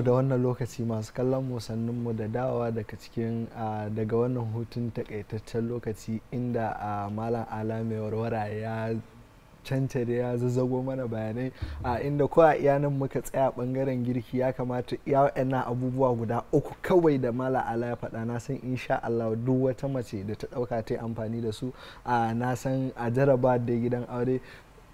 mu da wannan lokaci masu kallon mu mu da dawowa daga cikin daga wannan hutun takaitaccen lokaci inda a malam ala mai warwara ya cancare ya zazzago mana bayanai a inda ko a iya muka tsaya bangaren girki ya kamata ya na abubuwa guda uku kawai da mala ala ya faɗa na san insha Allah duk wata mace da ta ɗauka ta yi amfani da su a na san a jaraba da gidan aure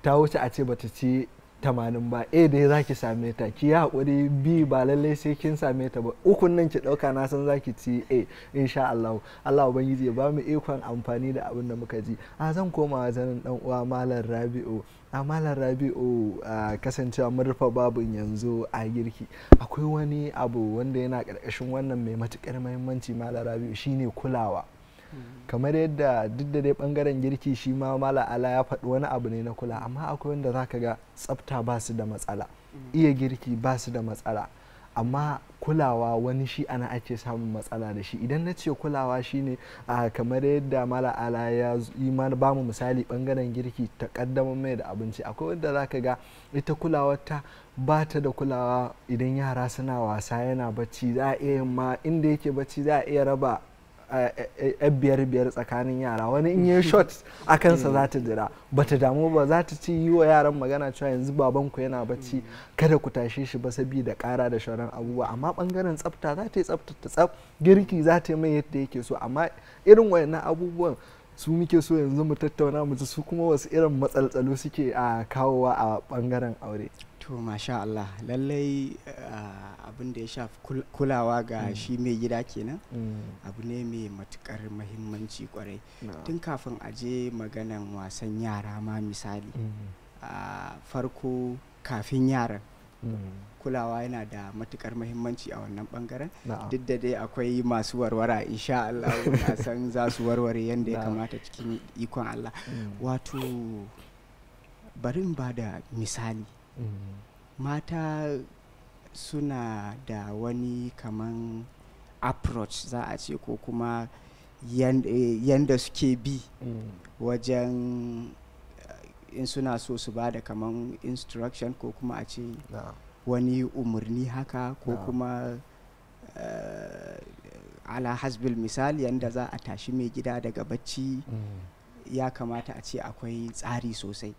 ta wuce a ce bata ci tamanin ba a dai za ki same ta ki yi haƙuri bi ba lallai sai kin same ta ba ukun nan ki ɗauka na san zaki ci a insha Allah Allah ubangiji ya ba mu ikon amfani da abin da muka ji a zan koma zanin dan uwa malam Rabi'u a malam Rabi'u kasancewa mun rufe babun yanzu a girki akwai wani abu wanda yana ƙarƙashin wannan mai matukar muhimmanci malam Rabi'u shine kulawa kamar yadda duk da dai bangaren girki shi ma mala ala ya faɗi wani abu ne na kula amma akwai wanda za ka ga tsafta ba su da matsala mm. iya girki ba su da matsala amma kulawa wani shi ana ake samun matsala da shi idan na ce kulawa shi a kamar yadda mala ala ya yi ba mu misali bangaren girki ta kaddamar mai da abinci akwai wanda za ka ga ita kulawarta ba ta da kulawa idan yara suna wasa yana bacci za a iya ma inda yake bacci za a iya raba yan biyar biyar tsakanin yara wani in yi shot a kansa za ta jira ba ta damu ba za ta ci yi wa yaran magana cewa yanzu babanku yana bacci kada ku tashe shi ba sabida kara da sharan abubuwa amma bangaren tsafta za ta yi tsafta tsaf girki za ta yi mai yadda yake so amma irin wayannan abubuwan su muke so yanzu mu tattauna mu su kuma wasu irin matsaltsalo suke a kawowa a bangaren aure to masha Allah lallai ah, abin da ya shafi kulawa ga mm. shi mai gida kenan mm. abu ne mai matukar mahimmanci kwarai tun kafin aje maganan wasan yara ma misali mm. ah, farko kafin yaran kulawa yana da matukar mahimmanci a wannan bangaren duk da dai akwai masu warwara insha Allah na san za su warware yadda ya kamata cikin ikon Allah wato barin ba da misali mata suna da wani kaman approach za a ce ko kuma yanda suke bi mm. wajen eh, in suna so su ba da kaman instruction ko kuma a ce wani umarni haka ko kuma eh, ala hasbil misali yanda za a tashi mai gida daga bacci mm. ya kamata a ce akwai tsari sosai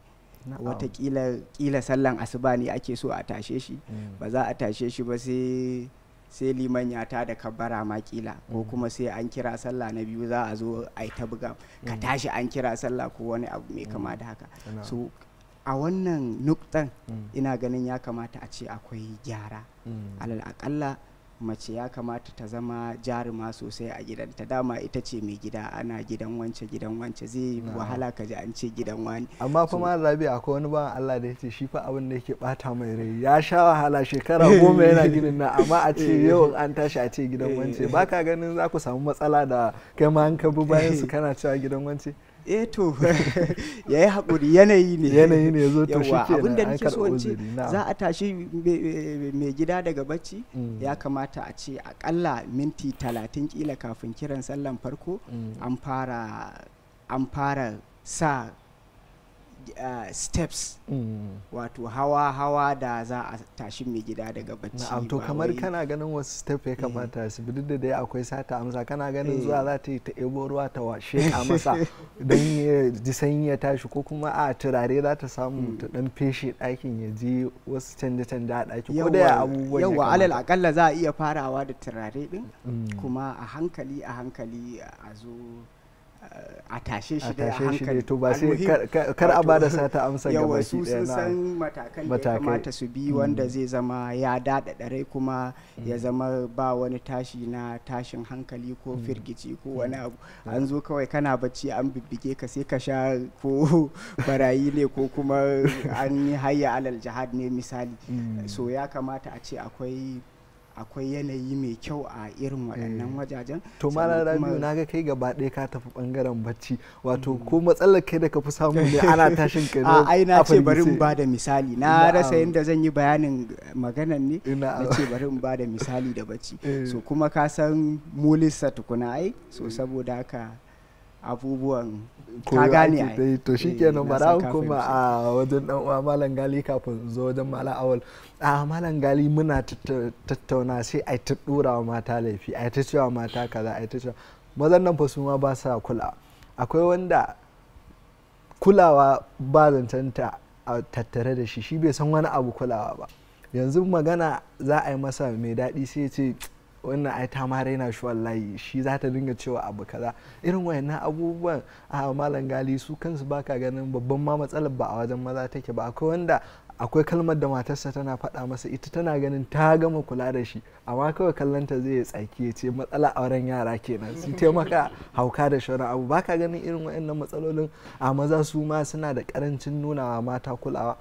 watakila kila sallan asuba ne ake so a tashe shi mm. ba za a tashe shi ba sai sai liman ya ta da kabbara ma kila ko mm. kuma sai an kira sallah na biyu za a zo a yi ta buga ka mm. tashi an kira sallah ko wani abu mai kama da haka so a wannan nuktan ina ganin ya kamata a ce akwai gyara alal akalla mace ya kamata ta zama jaruma sosai a gidanta dama ita ce mai gida ana gidan wance gidan wance zai wahala ka ji an ce gidan wani amma fa ma rabi akwai wani ba Allah da yace shi fa abin da yake bata mai rai ya sha wahala shekara goma yana ginin nan amma a ce eh. yau an tashi a ce gidan wance baka ganin za ku samu matsala da kai ma an ka bi bayan su eh. kana cewa gidan wance eh to ya yi haƙuri yanayi ne yanayi ne zo to shi abin da nake so ce za a tashi mai gida daga bacci mm. ya kamata a ce akalla minti talatin kila kafin kiran sallan farko mm. an fara sa uh, steps mm. wato hawa hawa da za a tashi mai gida daga bacci na'am to kamar kana ganin wasu step ya kamata mm. su bi da dai akwai sata amsa kana ganin zuwa eh. za ta yi ta ebo ruwa ta washe a masa don ya ji sanyi ya tashi ko kuma a turare za ta samu mm. ta dan feshe ɗakin ya ji wasu canje canje a ɗaki ko da abubuwan yawa alal akalla za a iya farawa da turare din kuma a hankali a hankali a zo a tashe shi da hankali to ba sai kar a bada sata amsa ga baki daya na san matakan da ya kamata su bi wanda mm. zai zama ya dada dare kuma ya mm. zama ba wani tashi na tashin hankali ko mm. firgici ko wani abu an zo kawai kana bacci an bibbige ka sai ka sha ko barayi ne ko kuma an yi hayya alal jihad ne misali so ya kamata a ce akwai akwai yanayi mai kyau a irin waɗannan eh. wajajen to malam rabiu na ga kai gaba ɗaya ka tafi bangaren bacci wato mm. ko matsalar kai da ka fi samu ne ana tashin ka a ai na ce bari in ba da misali na rasa yadda zan yi bayanin maganan ne na ce bari in ba da misali da bacci eh. so kuma ka san mulisa tukuna ai so eh. saboda haka abubuwan ka gane yi to eh, shikenan bara kuma a wajen dan uwa malam gali kafin zo wajen malam awal a malam gali muna tattauna sai a ta dora wa mata laifi a ta cewa mata kaza a ta cewa mazan nan ma ba sa kula akwai wanda kulawa ba zancanta a tattare da shi shi bai san wani abu kulawa ba yanzu magana za a yi masa mai daɗi sai ya ce wannan ai ta ma raina shi wallahi shi za ta dinga cewa abu kaza irin wayannan abubuwan a malam gali su kansu baka ganin babban ma matsalar ba a wajen maza take ba akwai wanda akwai kalmar da matarsa tana faɗa masa ita tana ganin ta gama kula da shi amma kawai kallanta zai tsaki ya ce matsala auren yara kenan su taimaka hauka da shauran abu baka ganin irin wayannan matsalolin a maza su ma suna da karancin nunawa mata kulawa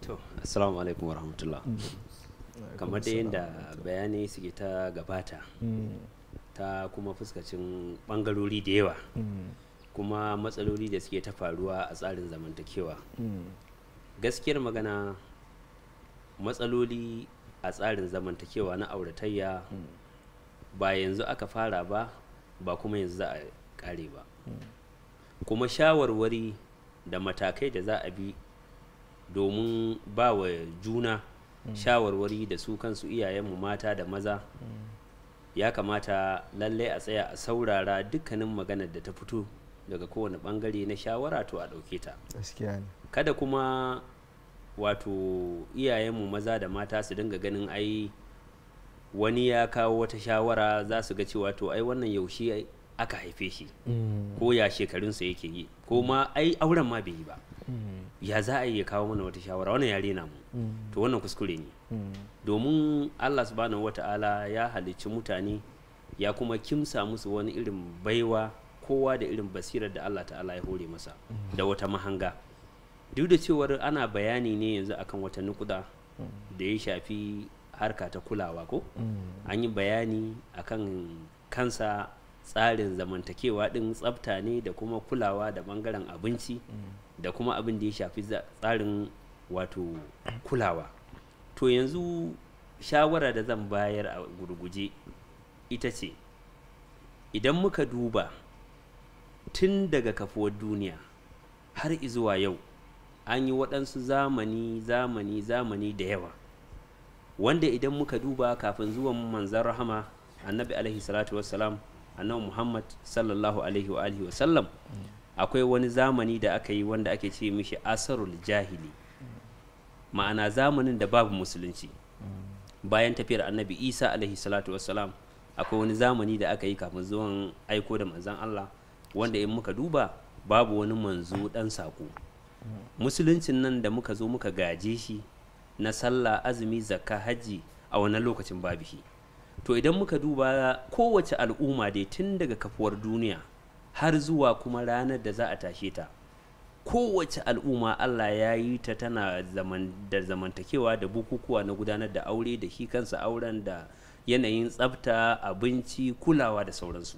to assalamu alaikum warahmatullah mm-hmm. kamar da yadda bayanai suke ta gabata mm. ta kuma fuskacin bangarori da yawa mm. kuma matsaloli da suke ta faruwa a tsarin zamantakewa mm. gaskiyar magana matsaloli a tsarin zamantakewa na auratayya ba yanzu aka fara ba ba kuma yanzu za a kare ba kuma shawarwari da matakai da za a bi domin ba wa juna shawarwari da su kansu iyayenmu mata da maza ya kamata lallai a tsaya a saurara dukkanin maganar da ta fito daga kowane bangare na shawara to a ɗauke ta kada kuma wato iyayenmu maza da mata su dinga ganin ai wani ya kawo wata shawara za su ga cewa to ai wannan yaushe aka haife shi mm. ko ya shekarunsa yake yi ko ma ai auren ma bai yi ba ya za a iya kawo mana wata shawara wannan ya rena mu mm. to wannan kuskure ne mm. domin Allah subhanahu wata'ala ya halicci mutane ya kuma kimsa musu wani irin baiwa kowa da irin basirar da Allah ta'ala ya hore masa mm. da wata mahanga duk da cewar ana bayani ne yanzu akan wata nukuda da ya shafi harka ta kulawa ko an yi bayani akan kansa tsarin zamantakewa din tsafta ne da kuma kulawa da bangaren abinci da kuma abin da ya shafi tsarin wato kulawa to yanzu shawara da zan bayar a gurguje ita ce idan muka duba tun daga kafuwar duniya har izuwa yau an yi waɗansu zamani zamani zamani da yawa wanda idan muka duba kafin zuwan manzan rahama annabi alaihi salatu wassalam annabi muhammad sallallahu alaihi wa alihi wasallam akwai wani zamani da aka yi wanda ake ce mishi asarul jahili ma'ana zamanin da babu musulunci bayan tafiyar annabi isa alaihi salatu wasalam akwai wani zamani da aka yi kafin zuwan aiko da manzan allah wanda in muka duba babu wani manzo dan sako musuluncin nan da muka zo muka gaje shi na sallah azumi zakka hajji a wannan lokacin babu shi to idan muka duba kowace al'umma dai tun daga kafuwar duniya har zuwa kuma ranar da za a tashe ta kowace al'umma Allah ya yi ta tana zaman, da zamantakewa da bukukuwa na gudanar da aure da shi kansa auren da yanayin tsafta abinci kulawa da sauransu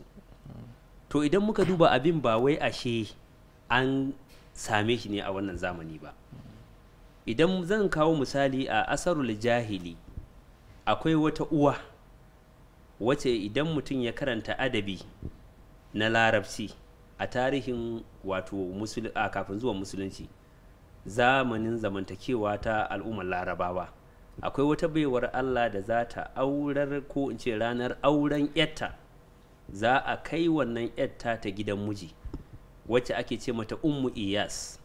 to idan muka duba abin ba wai ashe an same shi ne a wannan zamani ba idan zan kawo misali a asarul jahili akwai wata uwa wace idan mutum ya karanta adabi na larabci a tarihin wato a kafin zuwa musulunci zamanin zamantakewa ta al'ummar larabawa akwai wata baiwar allah da za ta aurar ko in ce ranar auren yatta za a kai wannan yatta ta gidan miji wacce ake ce mata ummu iyas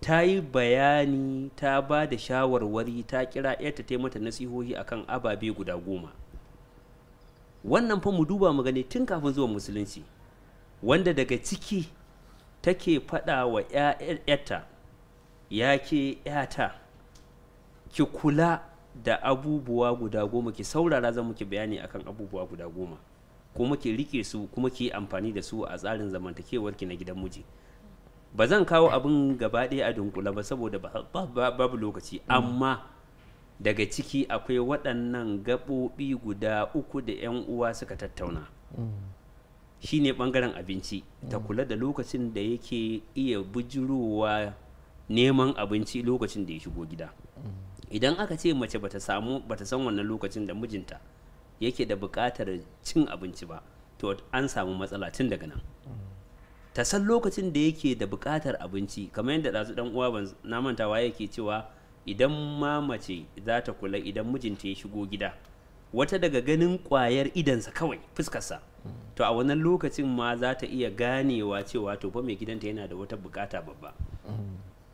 ta yi bayani ta ba da shawarwari ta kira yatta ta mata nasihohi akan ababe guda goma wannan fa mu duba mu gani tun kafin zuwa musulunci wanda daga ciki take faɗa wa ‘ya'yata ya ke ‘yata ki kula da abubuwa guda goma ki saurara zan muke bayani akan abubuwa guda goma kuma ki rike su kuma ki amfani da su a tsarin zamantakewar ki na gidan miji ba zan kawo abin gaba ɗaya a dunkula ba saboda babu lokaci amma daga ciki akwai waɗannan gaɓoɓi guda uku da 'yan uwa suka tattauna shi ne ɓangaren abinci ta kula da lokacin da yake iya bujirowa neman abinci lokacin da ya shigo gida idan aka ce mace bata samu bata san wannan lokacin da mijinta yake da buƙatar cin abinci ba to an samu matsala tun daga nan ta san lokacin da yake da buƙatar abinci kamar yadda ɗazu ɗan uwa ban na mantawa yake cewa idan ma mace za ta kula idan mijinta ya shigo gida wata daga ganin kwayar idansa kawai fuskarsa to a wannan lokacin ma za ta iya ganewa cewa to fa mai gidanta yana da wata bukata babba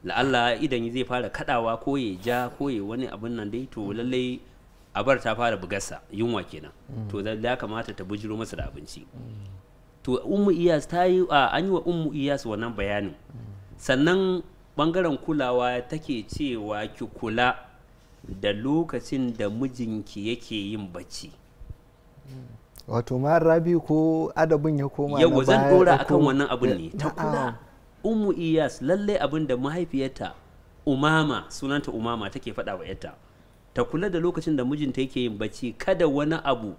la'alla idan zai fara kadawa ko ya ja ko ya wani abin nan dai to lallai a bar ta fara bugarsa yunwa kenan to ya kamata ta bujiro masa da abinci to ummu iyas ta yi an yi wa ummu iyas wannan bayanin sannan Bangaren kulawa take cewa ki kula da lokacin da mijinki yake yin bacci wato ma rabi ko adabin ya koma yau zan dora akan wannan abin ne ta kula umu iyas lallai abin da mahaifiyarta umama sunanta umama take faɗa wa yata ta kula da lokacin da mijinta yake yin bacci kada wani abu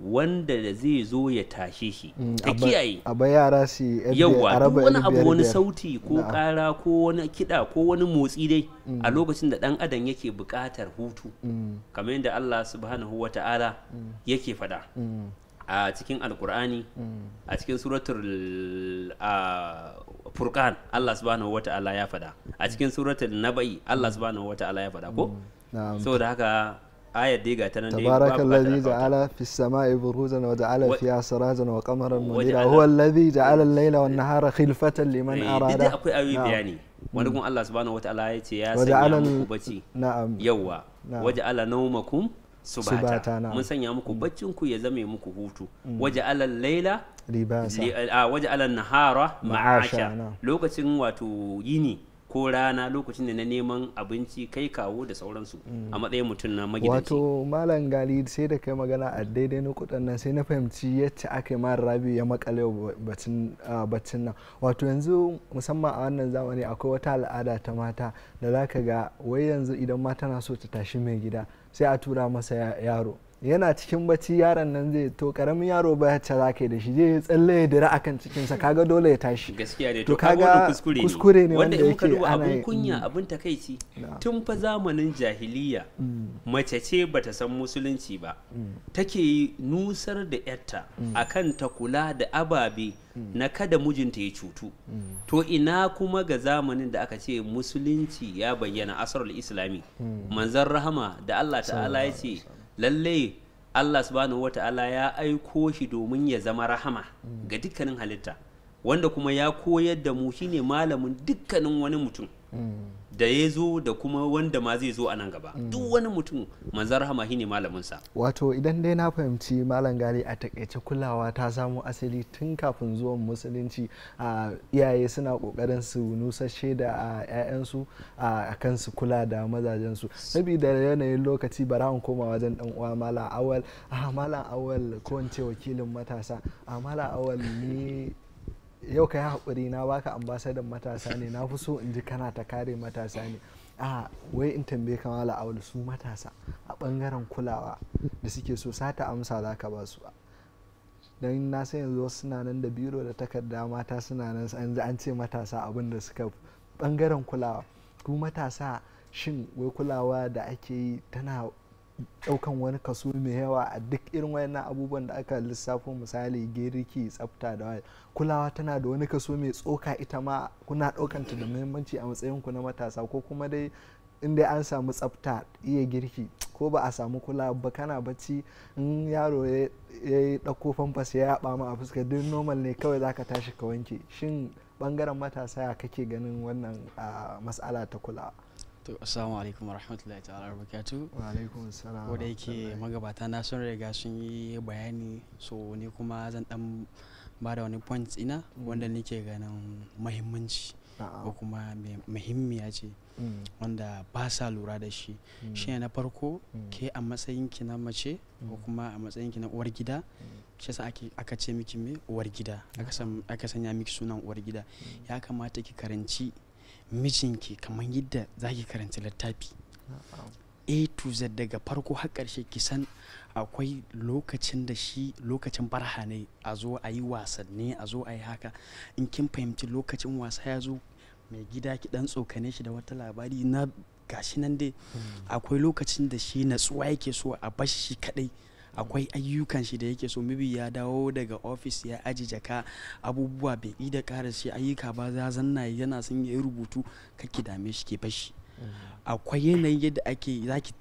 wanda da zai zo ya tashe shi ta mm, kiyaye a yara su yawa duk wani abu wani sauti ko kara ko wani kiɗa ko wani motsi dai mm. a lokacin da ɗan adam yake buƙatar hutu mm. kamar yadda Allah subhanahu wa ta'ala yake faɗa a cikin alkur'ani a cikin suratul furqan Allah subhanahu wa ta'ala ya faɗa a cikin suratul naba'i Allah subhanahu wa ta'ala ya faɗa ko saboda haka ayar dai ga ta nan dai tabaraka alladhi ja'ala fis sama'i buruzan wa ja'ala fiha sirajan wa qamaran munira huwa alladhi ja'ala al-layla wan nahara khilfatan liman arada akwai ayoyi bayani wani gun Allah subhanahu wataala ya ce ya sanya muku bacci na'am yawa waje ala naumakum subata mun sanya muku baccin ku ya zame hutu ala ala ma'asha lokacin wato yini ko rana lokacin da na neman abinci kai kawo da sauransu a matsayin mutum na magidanci wato malam gali sai da kai magana a daidai na nan sai na fahimci yadda aka yi ma rabi ya makale bacin nan wato yanzu musamman a wannan zamani akwai wata al'ada ta mata da zaka ga wai yanzu idan mata na so ta tashi mai gida sai a tura masa yaro yana cikin bacci yaron nan zai to karamin yaro ba ce za ka yi da shi zai tsalle ya dira akan sa kaga dole ya tashi gaskiya ne to kaga kuskure ne wanda yake ana abun kunya mm. abun takaici tun fa zamanin jahiliya mm. mace ce bata san musulunci ba mm. take nusar da yarta akan ta kula da ababe na kada mijinta ya cutu to ina kuma ga zamanin da aka ce musulunci ya bayyana asarul islami manzon rahama da Allah ta'ala ya ce lalle Allah subhanahu ta'ala ya aiko shi domin ya zama rahama ga dukkanin halitta wanda kuma ya koyar da mu shine malamin dukkanin wani mutum da ya zo da kuma wanda ma zai zo a nan gaba mm. duk wani mutum manzan rahama shine malaminsa wato idan dai na fahimci malam gari a takaice kulawa ta samu asali tun kafin zuwan musulunci a iyaye suna kokarin su nusashe da ƴaƴansu a kan su kula da mazajen su saboda yanayin lokaci bara mu koma wajen dan uwa malam awal a malam awal ko wakilin matasa a malam awal ne. yau ka yi haƙuri na baka ambasadan matasa ne na fi so in ji kana ta kare matasa ne a wai in tambaye ka mala awul su matasa a ɓangaren kulawa da suke so sata amsa za ka ba su don na san yanzu wasu suna nan da biro da takarda mata suna nan an ce matasa abin da suka bangaren kulawa ku matasa shin wai kulawa da ake yi tana daukan wani kaso mai yawa a duk irin wayannan abubuwan da aka lissafo misali girki tsafta da waya kulawa tana da wani kaso mai tsoka ita ma kuna daukan ta da muhimmanci a matsayin ku na matasa ko kuma dai in dai an samu tsafta iya girki ko ba a samu kula ba kana bacci in yaro ya yi ɗauko famfas ya yaba ma a fuska duk normal ne kawai zaka tashi ka wanke shin bangaren matasa ya kake ganin wannan ah, mas'ala ta kulawa to assalamu alaikum rahmatullahi ta'ala barakatu wa alaikum assalam ko da yake magabata na sun riga sun yi bayani so ni kuma zan dan ba da wani points ina mm. wanda nake ganin muhimmanci ko kuma muhimmiya ce mm. wanda ba sa lura da shi mm. shi na farko ke a matsayin ki na mace ko kuma a matsayin ki na uwar gida shi yasa aka ce miki me uwar gida aka sanya miki sunan uwar gida ya kamata ki karanci mijinki kamar yadda za ki karanta littafi a to z daga farko har karshe ki san akwai lokacin da shi lokacin barha ne a zo a yi wasanni a zo a yi haka in kin fahimci lokacin wasa ya zo mai gida ki dan tsokane shi da wata labari na gashi nan dai hmm. akwai lokacin da shi natsuwa yake so a bashi shi kadai akwai ayyukan shi da yake so mibi ya dawo daga ofis ya aji jaka abubuwa bai yi da ƙara shi ayyuka ba za zanna yana sun ya rubutu kake dame shi ke bashi mm. akwai yanayin yadda ake za ki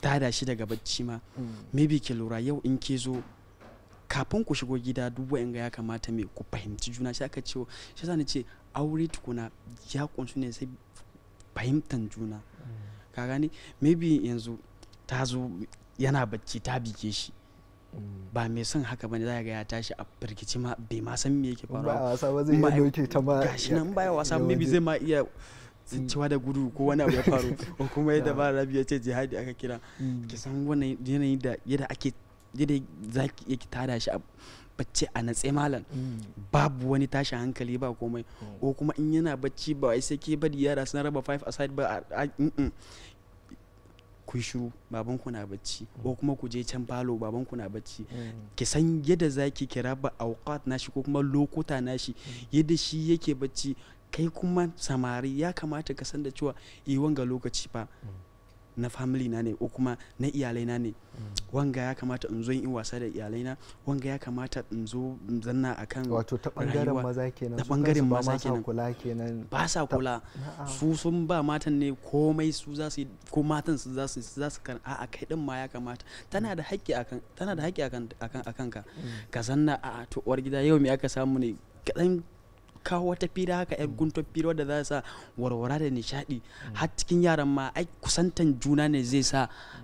tada shi daga bacci ma mibi mm. ke lura yau in ke zo kafin ku shigo gida duk wa'in ga ya kamata me ku fahimci juna shi aka cewa shi zani ce aure tukuna ya kunsu ne sai fahimtan juna mm. ka gani maybe yanzu ta zo yana bacci ta bike shi ba mai son haka bane za ga ya tashi a firgici ma bai ma san me yake faruwa ba wasa ba zai iya doke ta ma gashi nan baya wasa maybe zai ma iya tsincewa da gudu ko wani abu ya faru ko kuma yadda ba rabi ya ce jihadi aka kira mm. ki san wannan yanayi da yadda ake yadda zaki yake tada shi a bacci a natse malam mm. babu wani tashi hankali ba komai mm. ko kuma in yana bacci ba sai ke bari yara suna raba 5 aside ba ku shiru baban na bacci mm. ko kuma ku je can falo babanku na bacci mm. ki san yadda zaki kira ba auqat nashi ko kuma lokuta nashi mm. yadda shi yake bacci kai kuma samari ya kamata ka san da cewa yi eh, wanga lokaci fa na family na ne ko kuma na iyalai na ne mm. wanga ya kamata in zo in wasa da iyalai na wanga ya kamata in zo in zanna akan wato ta bangaren maza kenan ta bangaren maza kenan kula kenan ba sa kula su sun ba matan ne komai su za su ko matan su za su za su kan a'a kai din ma ya kamata tana da haƙƙi akan tana da haƙƙi akan akan ka mm. ka zanna a'a to uwar gida yau me aka samu ne kadan kawo wata fira haka yan mm. guntun fira wadda za sa warwara da nishadi har cikin yaran ma ai kusantan juna ne zai sa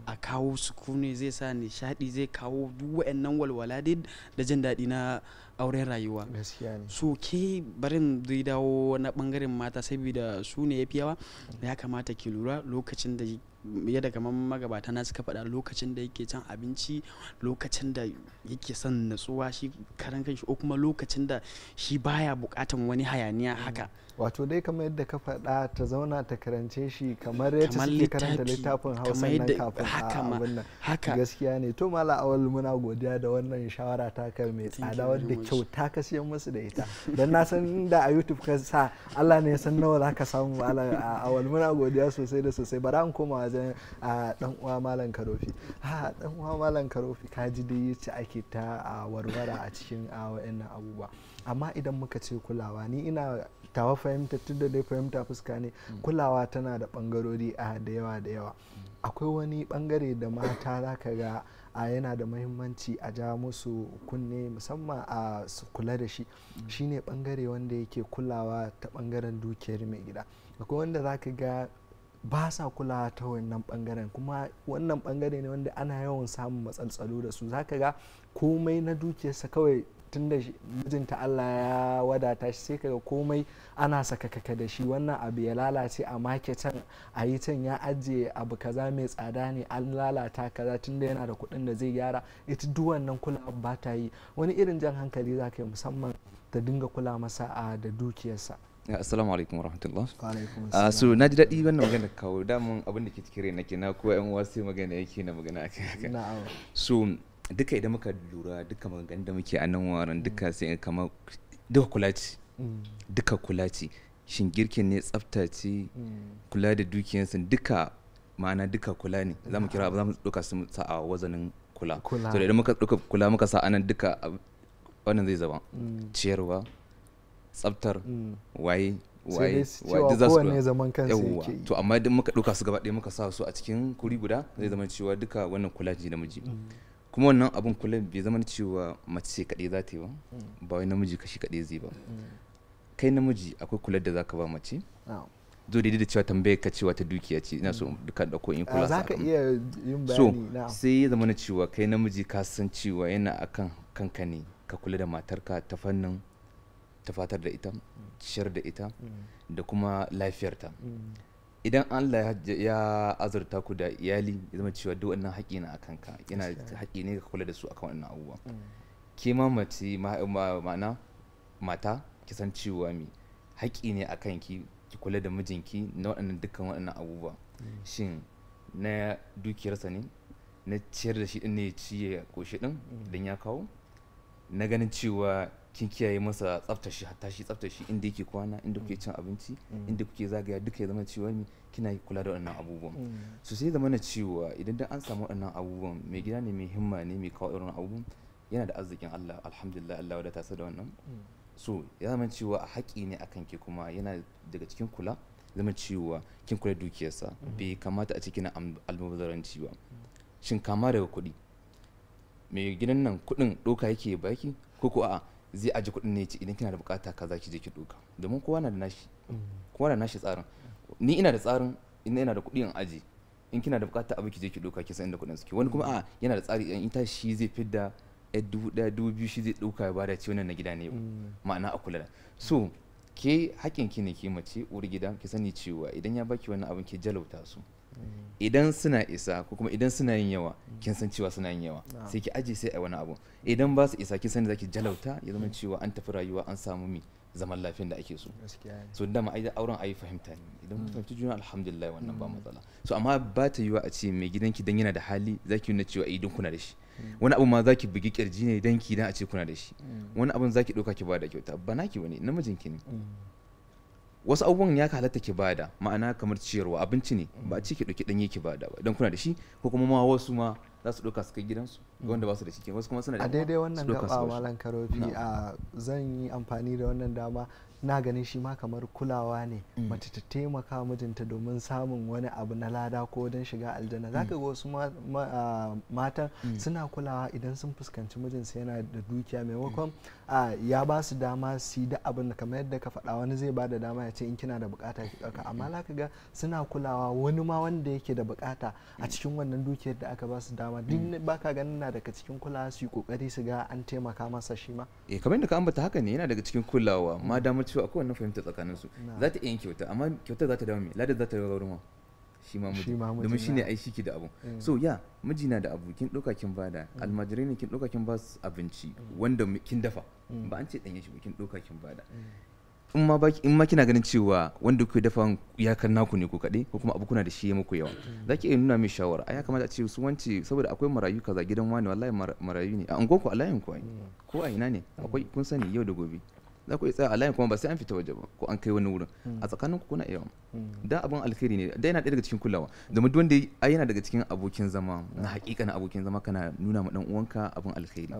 a kawo ne zai sa nishadi zai kawo duk wa'annan walwala dai da jin daɗi na auren rayuwa so ke barin zai dawo na bangaren mata saboda su ne ya fi yawa ya kamata ki lura lokacin da yadda kamar magabata na suka faɗa lokacin da yake can abinci lokacin da yake son natsuwa shi karan kanshi ko kuma lokacin da shi baya bukatan wani hayaniya mm. haka wato dai kamar yadda ka faɗa ta zauna ta karance shi kamar yadda suke karanta littafin hausa nan kafin a abin nan gaskiya ne to mala awal muna godiya da wannan shawara ta kai mai tsada wadda kyauta ka siyan musu da ita dan na san da a youtube ka sa Allah ne ya san nawa za ka samu mala awal muna godiya sosai da sosai bara an koma wajen a dan uwa malam karofi ha dan uwa malam karofi ka ji dai yace ake ta a warwara a cikin wayannan abubuwa amma idan muka ce kulawa ni ina tawa fahimta tun da dai fahimta fuska ne mm. kulawa tana da bangarori a da yawa da yawa mm. akwai wani bangare da mata za ka ga a yana da mahimmanci a ja musu kunne musamman a su kula da shi mm. shine bangare wanda yake kulawa ta bangaren dukiyar mai gida akwai wanda za ka ga ba sa kula ta wannan bangaren kuma wannan bangare ne wanda ana yawan samun matsaltsalo da su zaka ga komai na dukiyarsa kawai tun da mijinta Allah ya wadata shi sai kaga komai ana sakakaka da shi wannan abu ya lalace a maketan a yi can ya ajiye abu kaza mai tsada ne an lalata kaza tun da yana da kuɗin da zai gyara ita duk wannan kula ba ta yi wani irin jan hankali za ka yi musamman ta dinga kula masa a da dukiyarsa assalamu alaikum warahmatullah uh, ah, so na ji daɗi wannan magana kawo damun abin da ke cikin rai na ke na ko yan wasu magana yake na magana akai haka so duka idan muka lura duka magana da muke a nan waran mm. duka sai kama duka kula ce mm. duka kula ce shin girkin ne tsafta ce mm. kula da dukiyansu duka ma'ana duka kula ne za mu kira za mu ɗauka su sa a wazanin kula so idan muka ɗauka kula muka sa anan duka wannan zai zama ciyarwa tsabtar. waye mm. waye waye duk za su zaman kansa yake to amma idan muka ɗauka su gaba ɗaya muka sa su a cikin kuri guda zai zama cewa duka wannan kula ce namiji mm. kuma wannan abun kula bai zama cewa mace kaɗai za ta yi ba mm. ba wai namiji kashi kaɗai zai ba kai namiji akwai kula da zaka ba mace zo daidai da cewa tambayar ka cewa ta dukiya ce ina so duka da ko in ah, kula za ka iya yin bayani so sai ya zama cewa kai namiji ka san cewa yana akan kanka ne ka kula da matarka ta fannin tafatar da ita ciyar da ita mm. da kuma lafiyarta mm. idan Allah ya azurta ku da iyali ya zama cewa duk wannan haƙi na akan ka yana haƙi ne ka kula da su akan wannan abubuwa mm. ke ma mace ma'ana mata ki san cewa mi haƙi ne akan ki ki kula da mijinki na waɗannan dukkan waɗannan abubuwa shin na dukiyarsa ne na ciyar da shi ɗin ne ya ci ya ƙoshi ɗin idan ya kawo na ganin cewa kin kiyaye masa tsaftar shi hatta shi tsaftar shi inda yake kwana inda kuke cin abinci mm. inda kuke zagaya duka ya zama cewa kina kula da wannan abubuwan mm. so sai zama na cewa idan dan an samu wannan abubuwan mai gida ne mai himma ne mai kawo irin abubuwan yana da arzikin Allah alhamdulillah Allah wadata sa da wannan mm. so ya zama cewa a haƙi ne akan ke kuma yana daga cikin kula zama cewa kin kula dukiyarsa bai kamata a cikin almubazaranci ba shin kama daga kuɗi mai gidan nan kuɗin ɗoka yake baki ko ko a'a zai aji kuɗin ne ce idan kina da bukata kaza ki je ki doka domin kowa na da nashi kowa na nashi tsarin ni ina da tsarin ina ina da kuɗi in aji in kina da bukata abu ki je ki doka ki san inda kudin suke wani kuma a yana da tsari in ita shi zai fidda a dubu ɗaya dubu biyu shi zai ɗauka ya bada ce wannan na gida ne mm. ma'ana a kula da so ke hakkin ki ne ke mace uwar gida ki sani cewa idan ya baki wannan abin ke jalauta su idan suna isa ko kuma idan suna yin yawa kin san cewa suna yin yawa sai ki aje sai a wani abu idan ba su isa kin san zaki jalauta ya zama cewa an tafi rayuwa an samu mi zaman lafiyan da ake so so dama ai auren ayi fahimta ne idan kun mm. fahimci juna alhamdulillah wannan ba mm. matsala so amma ba ta yiwa a ce mai gidanki dan yana da hali zaki nuna cewa idan eh, kuna da shi mm. wani abu ma zaki bugi kirji ne dan ki dan a ce kuna da shi wani abun zaki dauka ki ba da kyauta ba naki bane namijinki ne wasu abubuwan ya halatta ki bada ma'ana kamar ciyarwa abinci ne ba ci ki ɗauki ɗanye ki bada ba don kuna da shi ko kuma ma wasu ma za su ɗauka su kai gidansu wanda ba su da shi wasu kuma suna da a daidai wannan gaba malam karofi a zan yi amfani da wannan dama na ganin shi ma kamar kulawa ne mm. mace ta taimaka mijinta domin samun wani abu na lada ko don shiga aljanna mm. ka ga wasu matan mm. suna kulawa idan sun fuskanci mijinsa yana da dukiya maimakon ya ba su dama su yi da abin kamar yadda ka faɗa wani zai ba da dama ya ce in kina da bukata ki ɗauka amma ka ga suna kulawa wani ma wanda yake da bukata a cikin wannan dukiyar da aka ba su dama duk baka ganin na daga cikin kulawa su yi kokari su ga an taimaka masa shi ma eh, kamar yadda ka ambata haka ne yana daga cikin kulawa ma damar so akwai wannan fahimta tsakanin su za ta iya yin kyauta amma kyautar za ta dawo mai ladar za ta dawo ruwan shi ma miji domin shine ai shi ke da abu eh. so ya miji na da abu kin ɗauka kin bada eh. almajirai ne kin ɗauka kin ba su abinci eh. wanda kin dafa ba an ce ɗanye shi ba kin ɗauka kin bada in ma baki in ma kina ganin cewa wanda kuke dafa kan naku ne ko kaɗai ko kuma abu kuna da shi ya muku yawa za ki iya nuna min shawara ai ya kamata a ce su wance saboda akwai marayu kaza gidan wani wallahi marayu ne a unguwanku a layin ku ko a ina ne akwai kun sani yau da gobe za ku yi tsaya a layin kuma ba sai an fita waje ba ko an kai wani wurin hmm. a tsakanin ku kuna yawa hmm. da abin alkhairi ne da yana daga cikin kulawa domin duk wanda ai yana daga cikin abokin zama na hakika na abokin zama kana nuna ma dan uwanka abin alkhairi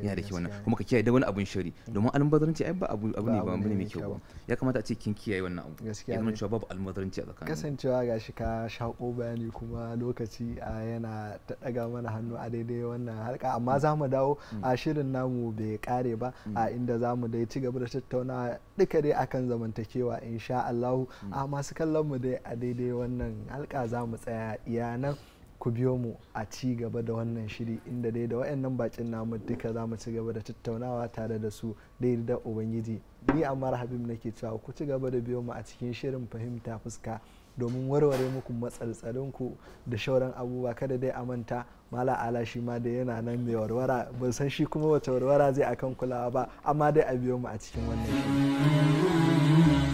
yana da kyau wannan kuma ka kiyaye da wani abin shari hmm. domin almubazzaranci ai ba abu abu ne ba abu ne mai kyau ba ya kamata a ce kin kiyaye wannan abu ya zama cewa babu almubazzaranci a tsakanin kasancewa gashi ka shako bayani kuma lokaci yana ta daga mana hannu a daidai wannan harka amma za mu dawo a shirin namu bai kare ba a inda za mu dai ci gaba da tattaunawa duka dai akan zamantakewa insha Allahu mm. a masu kallon mu dai a daidai wannan halka za mu tsaya iya nan ku biyo mu a ci gaba da wannan shiri inda dai da wayannan bakin namu duka za mu ci gaba da tattaunawa tare da su dai da ubangiji ni amma rahabim nake cewa ku ci gaba da biyo mu a cikin shirin fahimta fuska domin warware muku matsaltsalinku da shauran abubuwa kada dai a manta mala ala shi ma da yana nan mai warwara ban san shi kuma wata warwara zai akan kulawa ba amma dai a biyo mu a cikin wannan shi.